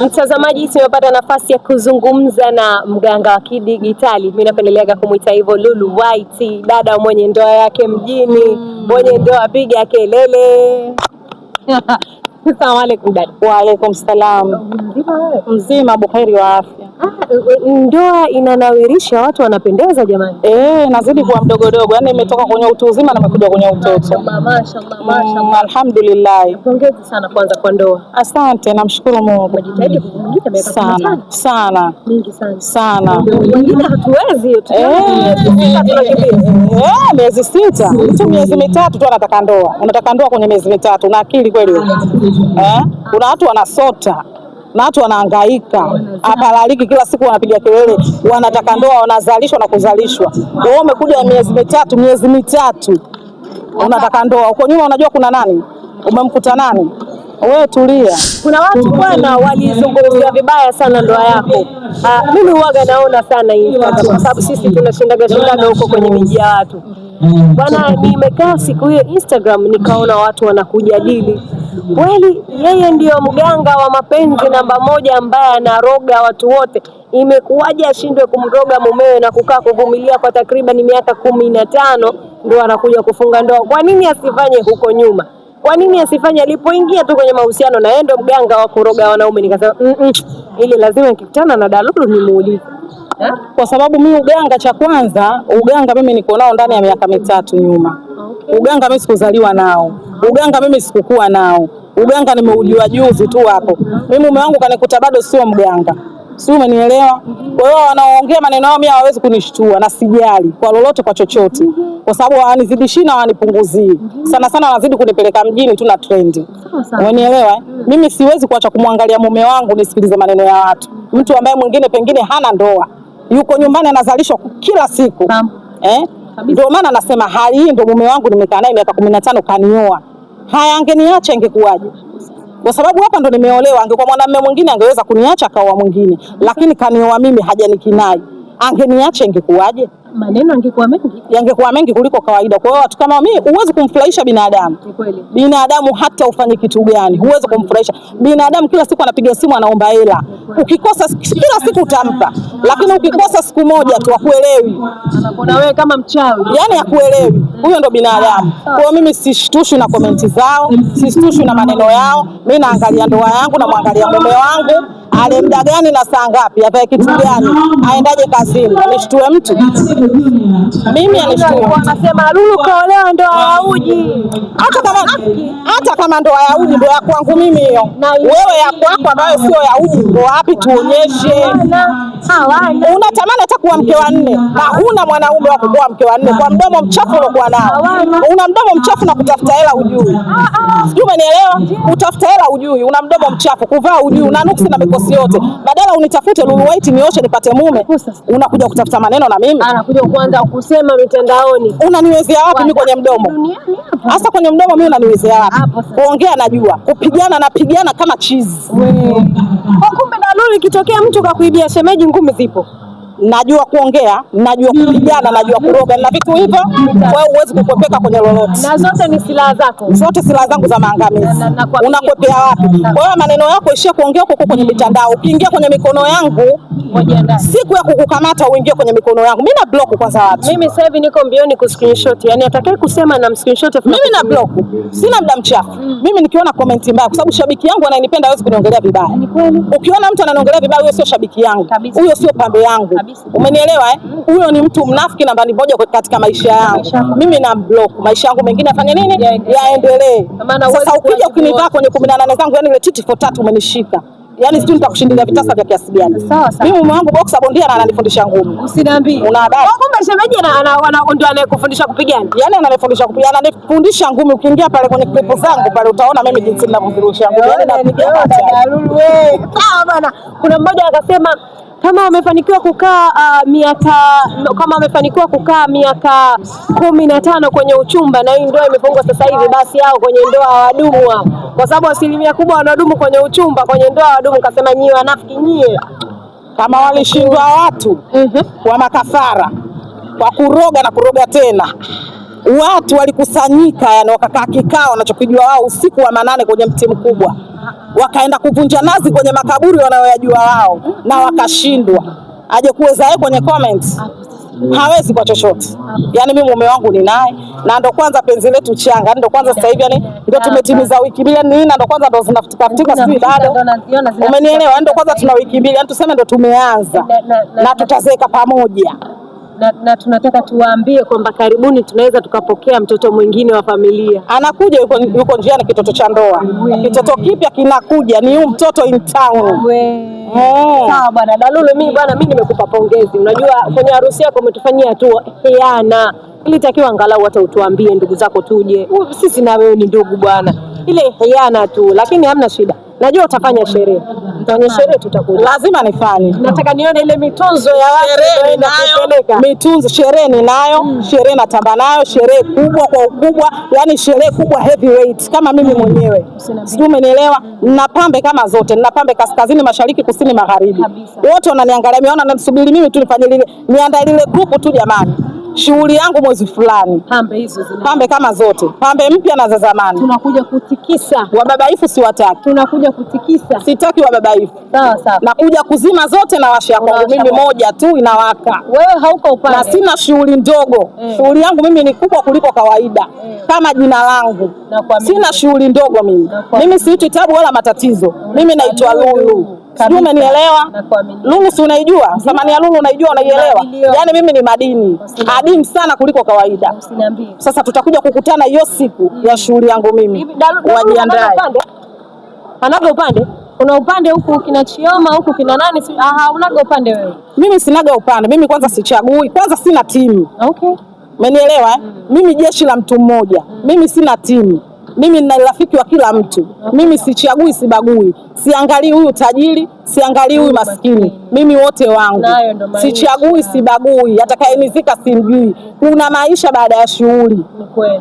Mtazamaji, tumepata nafasi ya kuzungumza na mganga wa kidigitali, mimi napendeleaga kumwita hivyo, Lulu White, dada mwenye ndoa yake mjini. Mm. Mwenye ndoa piga kelele. Asalamu alaykum dada. Wa alaykum Mzima buheri wa afya Ndoa inanawirisha, watu wanapendeza jamani. Eh, nazidi kuwa mdogodogo, yaani imetoka kwenye utu uzima na imekuja kwenye utoto. Masha mm, alhamdulillah. Pongezi sana kwanza kwa ndoa. Asante, namshukuru Mungu. sana sana sana wengine hatuwezi miezi sita eh, eh, eh, tu, miezi mitatu tu anataka ndoa, unataka ndoa kwenye miezi mitatu, na akili kweli? Eh, kuna watu wanasota na watu wanahangaika, hapalaliki, kila siku wanapiga kelele, wanataka ndoa, wanazalishwa na kuzalishwa. Wewe umekuja miezi mitatu, miezi mitatu unataka ndoa, uko nyuma unajua kuna nani umemkuta nani? Wewe tulia. Kuna watu bwana walizungumzia vibaya sana ndoa yako. Ah, mimi huaga naona sana hii kwa sababu sisi tunashindaga shindaga huko kwenye miji ya watu bwana. Nimekaa siku hiyo Instagram nikaona watu wanakujadili Kweli yeye ndiyo mganga wa mapenzi namba moja ambaye anaroga watu wote. Imekuwaje ashindwe kumroga mumewe na kukaa kuvumilia kwa takriban miaka kumi na tano ndio anakuja kufunga ndoa? Kwa nini asifanye huko nyuma? Kwa nini asifanye alipoingia tu kwenye mahusiano na yeye ndio mganga wa kuroga wanaume? Nikasema mm -mm, ili lazima nikikutana na Dalulu nimuulize kwa sababu mi uganga, cha kwanza uganga mimi niko nao ndani ya miaka mitatu nyuma. Ah, okay. Uganga mimi sikuzaliwa nao Uganga mimi sikukuwa nao, uganga nimeujua juzi tu hapo. Mimi mume wangu kanikuta bado sio mganga, si umenielewa? Kwa hiyo wanaongea maneno yao mimi hawawezi kunishtua na sijali kwa lolote, kwa chochote, kwa sababu hawanizidishi na hawanipunguzii. Sana sana wanazidi kunipeleka mjini tu na trendi, umenielewa? Eh? Mm. Mimi siwezi kuacha kumwangalia mume wangu nisikilize maneno ya watu, mtu ambaye mwingine pengine hana ndoa, yuko nyumbani anazalishwa kila siku eh? Ndio maana nasema hali hii, ndio mume wangu nimekaa naye miaka kumi na tano kanioa Haya, angeniacha ingekuwaje? Kwa sababu hapa ndo nimeolewa, angekuwa mwanamume mwingine angeweza kuniacha akaoa mwingine, lakini kanioa mimi, hajanikinai. Angeniacha ingekuwaje? maneno yangekuwa mengi, yangekuwa mengi kuliko kawaida. Kwa hiyo watu kama mimi, huwezi kumfurahisha binadamu. Binadamu hata ufanye kitu gani, huwezi kumfurahisha binadamu. Kila siku anapiga simu, anaomba hela, ukikosa kila siku utampa, lakini ukikosa siku moja tu akuelewi, anakuona wewe kama mchawi, yani akuelewi. Huyo ndo binadamu. Kwa hiyo mimi sishtushwi na komenti zao, sishtushwi na maneno yao. Mimi naangalia ndoa yangu, namwangalia mume wangu ale muda gani na saa ngapi, avae kitu gani, aendaje kazini? Nishtue mtu mimi? Anishtue anasema Lulu kaolewa ndoa ya uji. Hata kama hata kama ndoa ya uji ndoa ya kwangu mimi hiyo, wewe ya kwako ambayo sio ya uji, ndo wapi tuonyeshe? Unatamani hata kuwa mke wa nne na huna mwanaume wa kuoa mke wa nne kwa mdomo mchafu uliokuwa nao. Una mdomo mchafu na kutafuta hela ujui, ah, ah. sijui umenielewa? Kutafuta hela ujui, una mdomo mchafu, kuvaa ujui, una nuksi na mikosi yote, mm-hmm. badala unitafute Lulu mm-hmm. White nioshe nipate mume, unakuja kutafuta maneno na mimi. Anakuja kuanza kusema mitandaoni. Unaniwezea wapi mimi kwenye mdomo? Hasa kwenye mdomo mimi unaniwezea wapi? Kuongea najua, kupigana napigana kama chizi. Kumbe dalili ikitokea mtu kakuibia shemeji, ngumi zipo najua kuongea, najua kupigana, najua kuroga na vitu hivyo. Kwa hiyo huwezi kukwepeka kwenye lolote, na zote ni silaha zako, zote silaha zangu za maangamizi. Unakwepea wapi? Kwa hiyo maneno yako ishia kuongea huko kwenye mitandao, ukiingia kwenye mikono yangu siku ya kukukamata uingie kwenye mikono yangu. Mimi na block kwanza watu. Mimi sasa hivi niko mbioni ku screenshot. yani atakaye kusema na screenshot afu mimi na block. Sina muda mchafu. Mm. Mimi nikiona comment mbaya kwa sababu shabiki yangu ananipenda hawezi kuniongelea vibaya. Ukiona mtu ananiongelea vibaya huyo sio shabiki yangu. Huyo sio pambe yangu. Kabisa. Umenielewa eh? Mm. Huyo ni mtu mnafiki namba moja katika maisha yangu. Mimi na block maisha yangu mengine afanye nini? Yaendelee. Sasa ukija ukinivaa kwenye 18 zangu yani ile titi for tatu umenishika. Yaani sijui nitakushindilia vitasa vya kiasi gani. Sawa sawa. Mimi mume wangu boxer bondia na ananifundisha ngumi. Usiniambie. Una habari? Kumbe shemeji ndio anayekufundisha kupigana. Yaani ananifundisha kupigana, ananifundisha ngumi. Ukiingia pale kwenye clip zangu pale utaona mimi jinsi ninavyozirusha ngumi. Yaani na Lulu wewe. Sawa ah, bana. Kuna mmoja akasema kama wamefanikiwa kukaa uh, miaka kama wamefanikiwa kukaa miaka kumi na tano kwenye uchumba na hii ndoa imefungwa sasa hivi, basi hao kwenye ndoa hawadumu hao, kwa sababu asilimia kubwa wanadumu kwenye uchumba, kwenye ndoa hawadumu. Kasema nyie wanafiki nyie, kama walishindwa watu mhm. wa makafara kwa kuroga na kuroga tena watu walikusanyika, yani wakakaa kikao wanachokijua wao usiku wa manane kwenye mti mkubwa wakaenda kuvunja nazi kwenye makaburi wanayoyajua wao na wakashindwa. Aje kuweza yeye kwenye comments hawezi kwa chochote. Yaani mimi mume wangu ni naye na ndo kwanza penzi letu changa, ndo kwanza sasa hivi yani ndo tumetimiza wiki mbili yani na ndo kwanza ndo zinafutika futika sisi bado. Umenielewa? Yaani ndo kwanza tuna wiki mbili yani tuseme ndo tumeanza na tutazeeka pamoja na, na tunataka tuwaambie kwamba karibuni tunaweza tukapokea mtoto mwingine wa familia. Anakuja yuko, yuko njiani kitoto cha ndoa, kitoto kipya kinakuja, ni huyu mtoto in town. Eh. Sawa bwana Dalulu, mimi bwana, mimi nimekupa pongezi. Unajua kwenye harusi yako umetufanyia tu hiana, ilitakiwa angalau hata utuambie ndugu zako tuje, sisi na wewe ni ndugu bwana, ile hiana tu, lakini hamna shida najua utafanya sherehe, utafanya sherehe tutakuja, lazima nifanye. Nataka nione ile mitunzo ya watu, mitunzo sherehe ninayo mm. sherehe natamba nayo, sherehe kubwa kwa ukubwa, yani sherehe kubwa heavyweight, kama mimi mm. mwenyewe sijui, umenielewa? pambe kama zote, pambe kaskazini, mashariki, kusini, magharibi, wote wananiangalia, meona namsubiri mimi tu nifanye lile, niandae lile grupu tu jamani shughuli yangu mwezi fulani, pambe hizo zina pambe kama zote, pambe mpya na za zamani. Tunakuja kutikisa wababaifu, siwataki. Tunakuja kutikisa, sitaki wababaifu. Sawa sawa, nakuja kuzima zote na washa kwangu mimi, moja tu inawaka. Wewe hauko upande na sina shughuli ndogo mm. shughuli yangu mimi ni kubwa kuliko kawaida mm. kama jina langu, sina shughuli ndogo mimi. Mimi siitwi tabu wala matatizo, mimi naitwa Lulu sijui umenielewa. Lulu si unaijua thamani ya lulu, unaijua unaielewa. Yaani mimi ni madini adimu sana kuliko kawaida. Sasa tutakuja kukutana hiyo siku ya shughuli yangu mimi, wajiandae. Anaga upande kuna upande huku kina Chioma huku kina nani si, aha, unaga upande wewe? Mimi sinaga upande mimi, kwanza sichagui, kwanza sina timu okay. Umenielewa eh? mm. mimi jeshi la mtu mmoja mm. mimi sina timu mimi nina rafiki wa kila mtu, mimi sichagui, sibagui, siangalii huyu tajiri, siangalii huyu maskini, mimi wote wangu, sichagui, sibagui, atakayenizika simjui. Kuna maisha baada ya shughuli,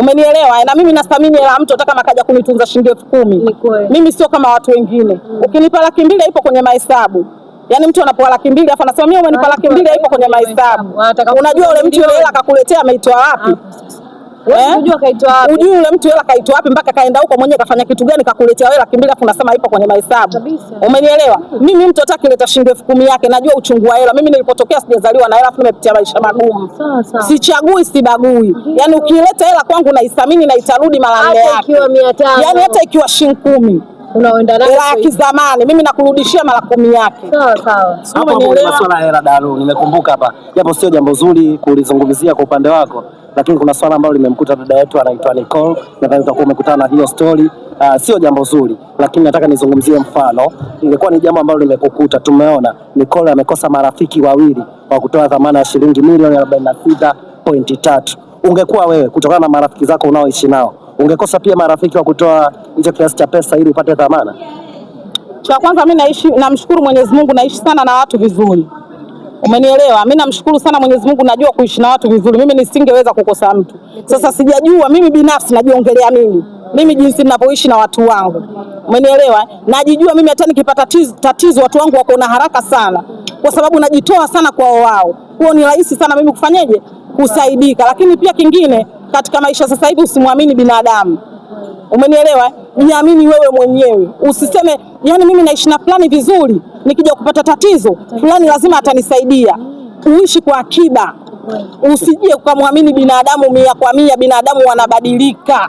umenielewa? Na mimi nasthamini hela mtu, hata kama kaja kunitunza shilingi elfu kumi, mimi sio kama watu wengine. Ukinipa laki mbili, ipo kwenye mahesabu Yaani mtu anapoa laki mbili afa mimi umenipa laki mbili haipo kwenye mahesabu. Unajua ule mtu yule hela akakuletea ameitoa wapi? Eh? Ujui ule mtu hela kaitoa wapi mpaka kaenda huko mwenyewe kafanya kitu gani kakuletea wewe laki mbili afu unasema ipo kwenye mahesabu. Umenielewa? Mimi mtu hata kileta shilingi elfu kumi yake najua uchungu wa hela. Mimi nilipotokea sijazaliwa na hela afu nimepitia maisha magumu. Sichagui sibagui. Yaani ukileta hela kwangu naithamini na itarudi mara nne yake. Yaani hata ikiwa shilingi kumi unaenda ya kizamani, mimi nakurudishia mara kumi yake. Sawa sawa. Hapo masuala ya hela daru nimekumbuka hapa, japo sio jambo zuri kulizungumzia kwa upande wako lakini kuna swala ambalo limemkuta dada yetu anaitwa Nicole, nadhani utakuwa umekutana na hiyo story. Uh, sio jambo zuri, lakini nataka nizungumzie mfano. Ilikuwa ni jambo ambalo limekukuta. Tumeona Nicole amekosa marafiki wawili wa kutoa dhamana ya shilingi milioni tatu Ungekuwa wewe, kutokana na marafiki zako unaoishi nao, ungekosa pia marafiki wa kutoa hicho kiasi cha pesa ili upate dhamana? Cha kwanza mimi naishi, namshukuru Mwenyezi Mungu, naishi sana na watu vizuri Umenielewa? Mimi namshukuru sana Mwenyezi Mungu, najua kuishi na watu vizuri. Mimi nisingeweza kukosa mtu. Sasa sijajua mimi binafsi, najiongelea mimi mimi jinsi ninavyoishi na watu wangu, umenielewa? Najijua mimi, hata nikipata tatizo watu wangu wako na haraka sana, kwa sababu najitoa sana kwa wao. Huo ni rahisi sana mimi kufanyeje, kusaidika. Lakini pia kingine katika maisha sasa hivi, usimwamini binadamu, umenielewa? Jiamini wewe mwenyewe, usiseme yani mimi naishi na fulani vizuri nikija kupata tatizo fulani lazima atanisaidia. Uishi kwa akiba, usije ukamwamini binadamu mia kwa mia. Binadamu wanabadilika,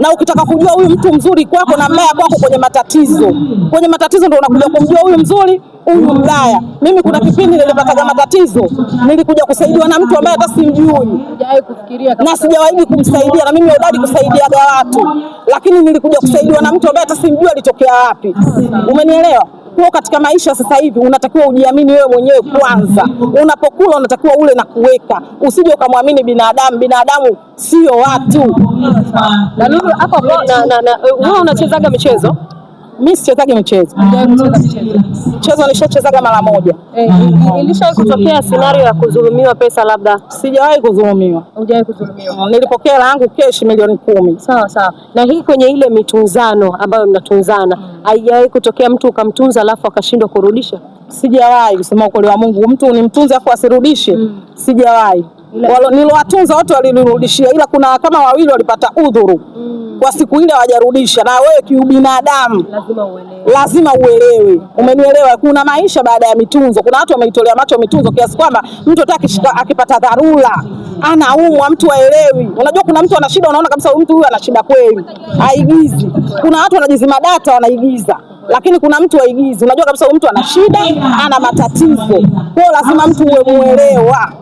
na ukitaka kujua huyu mtu mzuri kwako na mbaya kwako, kwenye matatizo, kwenye matatizo ndio unakuja kumjua huyu mzuri huyu mbaya. Mimi kuna kipindi nilipataga matatizo, nilikuja kusaidiwa na mtu ambaye hata simjui na sijawahi kumsaidia, na mimi hodari kusaidiaga watu, lakini nilikuja kusaidiwa na mtu ambaye hata simjui alitokea wapi. Umenielewa? unapokuwa katika maisha sasa hivi unatakiwa ujiamini wewe mwenyewe kwanza. Unapokula unatakiwa ule na kuweka, usije ukamwamini binadamu. Binadamu sio watu. Na nuru hapo wewe unachezaga michezo mi sichezage michezo, mchezo ah, nishachezaga mara moja. Eh, ilishawahi kutokea scenario ya kudhulumiwa pesa? Labda sijawahi kudhulumiwa. Hujawahi kudhulumiwa? Mm, nilipokea langu keshi milioni kumi. Sawa sawa. Na hii kwenye ile mitunzano ambayo mnatunzana, mm. haijawahi kutokea mtu ukamtunza alafu akashindwa kurudisha? Sijawahi, kusema ukweli wa Mungu, mtu unimtunza afu asirudishe, mm. sijawahi niliwatunza wote walilirudishia, ila kuna kama wawili walipata udhuru mm. kwa siku ile hawajarudisha. Na wewe kiubinadamu lazima uelewe, lazima Umenielewa? Kuna maisha baada ya mitunzo. Kuna watu wameitolea macho mitunzo kiasi kwamba mtu hata akipata dharura anaumwa, mtu aelewi. Unajua, kuna mtu ana shida, unaona kabisa huyu mtu huyu ana shida kweli, haigizi. Kuna watu wanajizima data wanaigiza lakini kuna mtu waigizi, unajua kabisa huyu mtu ana shida, ana matatizo. Kwa lazima mtu uwe muelewa.